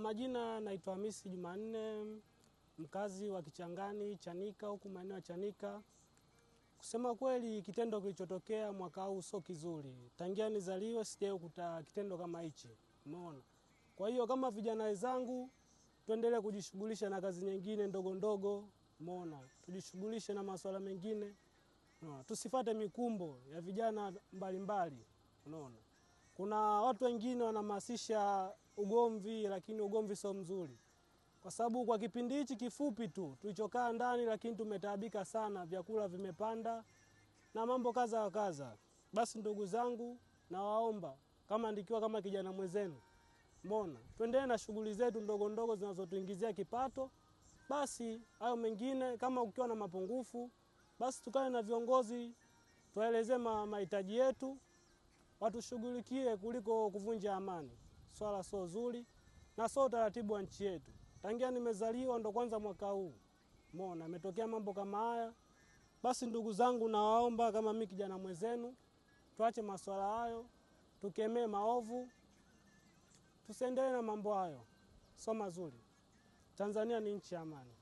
majina naitwa Hamisi Jumanne, mkazi wa Kichangani Chanika, huku maeneo ya Chanika. Kusema kweli, kitendo kilichotokea mwaka huu sio kizuri. Tangia nizaliwe sijawahi kukuta kitendo kama hichi, umeona. Kwa hiyo kama vijana wenzangu, tuendelee kujishughulisha na kazi nyingine ndogo ndogo, umeona, tujishughulishe na masuala mengine no. Tusifate mikumbo ya vijana mbalimbali, unaona. Kuna watu wengine wanahamasisha ugomvi, lakini ugomvi sio mzuri, kwa sababu kwa kipindi hichi kifupi tu tulichokaa ndani, lakini tumetaabika sana, vyakula vimepanda na mambo kadha wa kadha. Basi ndugu zangu, nawaomba kama ndikiwa kama kijana mwenzenu, mbona twendee na shughuli zetu ndogo ndogo zinazotuingizia kipato. Basi hayo mengine, kama ukiwa na mapungufu, basi tukae na viongozi tuwaelezee mahitaji yetu, watushughulikie kuliko kuvunja amani swala sio zuri na sio utaratibu wa nchi yetu. Tangia nimezaliwa ndo kwanza mwaka huu mona ametokea mambo kama haya. Basi ndugu zangu, nawaomba kama mimi kijana mwenzenu, tuache maswala hayo, tukemee maovu, tusiendelee na mambo hayo, sio mazuri. Tanzania ni nchi ya amani.